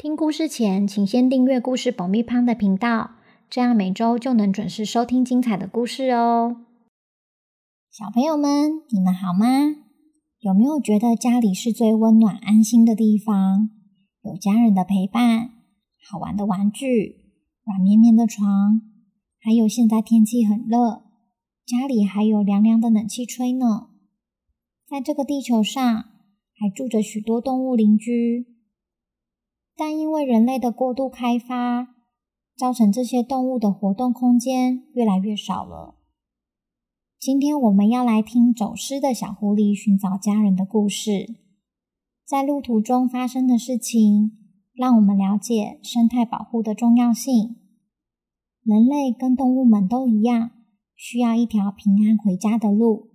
聽故事前，請先訂閱“故事爆米花”的頻道，這樣每周就能準時收聽精彩的故事哦。小朋友們，你們好嗎？有沒有覺得家裡是最溫暖、安心的地方？有家人的陪伴，好玩的玩具，軟綿綿的床，還有現在天氣很熱，家裡還有涼涼的冷氣吹呢。在這個地球上，還住着許多動物鄰居。但因為人類的過度開發，造成這些動物的活動空間越來越少了。今天我們要來聽走失的小狐狸尋找家人的故事，在路途中發生的事情，讓我們了解生態保護的重要性。人類跟動物們都一樣，需要一條平安回家的路。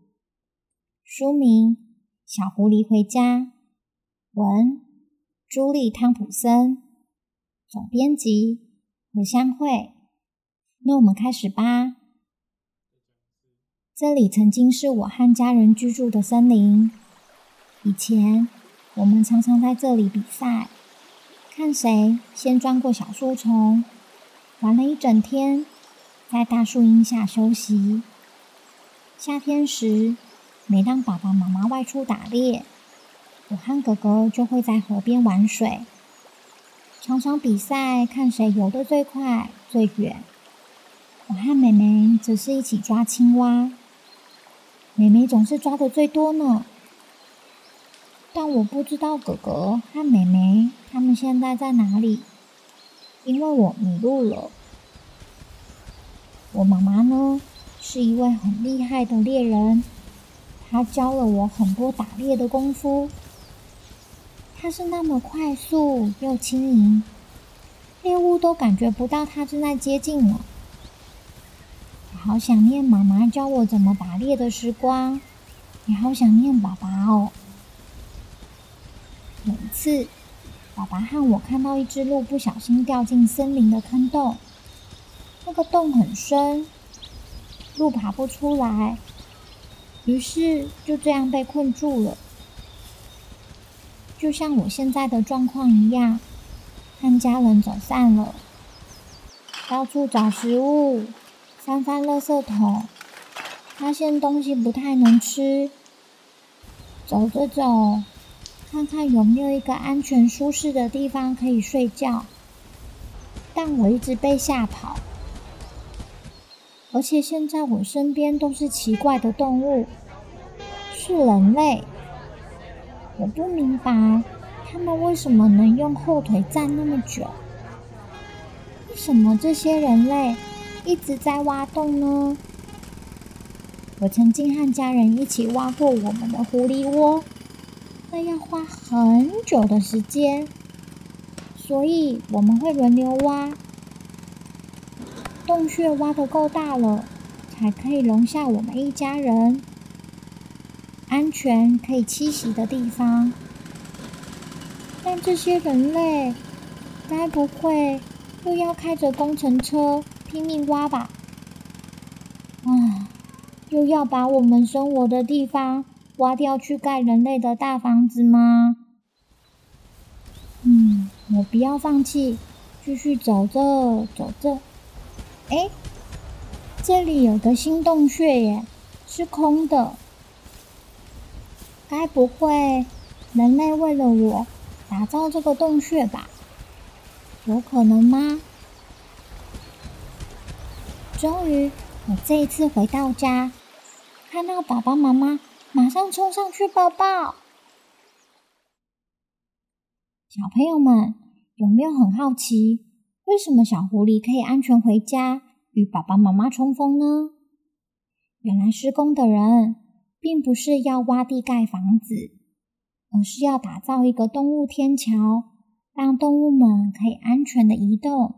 書名：《小狐狸回家》，文。朱莉·湯普森，總編輯何香惠。那我們開始吧。這裡曾經是我和家人居住的森林。以前，我們常常在這裡比賽，看誰先鑽過小樹叢，玩了一整天，在大樹蔭下休息。夏天時，每當爸爸媽媽外出打獵，我和哥哥就會在河邊玩水，常常比賽看誰游得最快，最遠。我和妹妹則是一起抓青蛙，妹妹總是抓得最多呢。但我不知道哥哥和妹妹他們現在在哪裡，因為我迷路了。我媽媽呢，是一位很厲害的獵人，她教了我很多打獵的功夫。它是那麼快速又輕盈，獵物都感覺不到它正在接近了。我好想念媽媽教我怎麼打獵的時光，也好想念爸爸哦。每次，爸爸和我看到一隻鹿不小心掉進森林的坑洞，那個洞很深，鹿爬不出來，於是就這樣被困住了。就像我現在的狀況一樣，和家人走散了，到處找食物，翻翻垃圾桶，發現東西不太能吃，走着走，看看有沒有一個安全舒適的地方可以睡覺，但我一直被嚇跑，而且現在我身邊都是奇怪的動物，是人類。我不明白，他們為什麼能用後腿站那麼久？為什麼這些人類一直在挖洞呢？我曾經和家人一起挖過我們的狐狸窩，那要花很久的時間，所以我們會輪流挖。洞穴挖得夠大了，才可以容下我們一家人。安全可以棲息的地方，但這些人類該不會又要開着工程車拼命挖吧？啊，又要把我們生活的地方挖掉去蓋人類的大房子嗎？嗯，我不要放棄，繼續走着走着，哎，這裡有個新洞穴耶，是空的。該不會人類為了我打造這個洞穴吧？有可能嗎？終於，我這一次回到家，看到爸爸媽媽馬上衝上去抱抱。小朋友們，有沒有很好奇，為什麼小狐狸可以安全回家與爸爸媽媽重逢呢？原來施工的人，並不是要挖地蓋房子，而是要打造一個動物天橋，讓動物們可以安全地移動，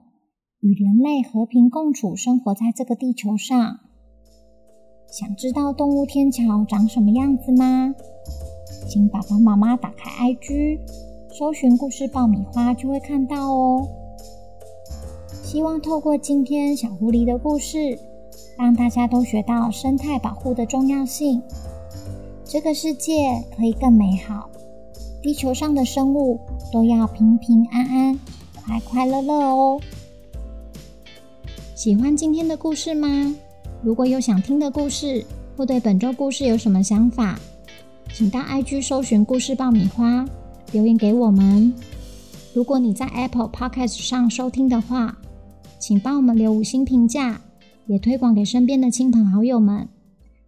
與人類和平共處，生活在這個地球上。想知道動物天橋長什麼樣子嗎？請爸爸媽媽打開 IG，搜尋“故事爆米花”就會看到哦。希望透過今天小狐狸的故事，讓大家都學到生態保護的重要性。這個世界可以更美好，地球上的生物都要平平安安、快快樂樂哦。喜歡今天的故事嗎？如果有想聽的故事，或對本周故事有什麼想法，請到 IG 搜尋“故事爆米花”留言給我們。如果你在 Apple Podcast 上收聽的話，請幫我們留五星評價，也推廣給身邊的親朋好友們。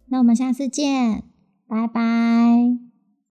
那我們下次見。拜拜。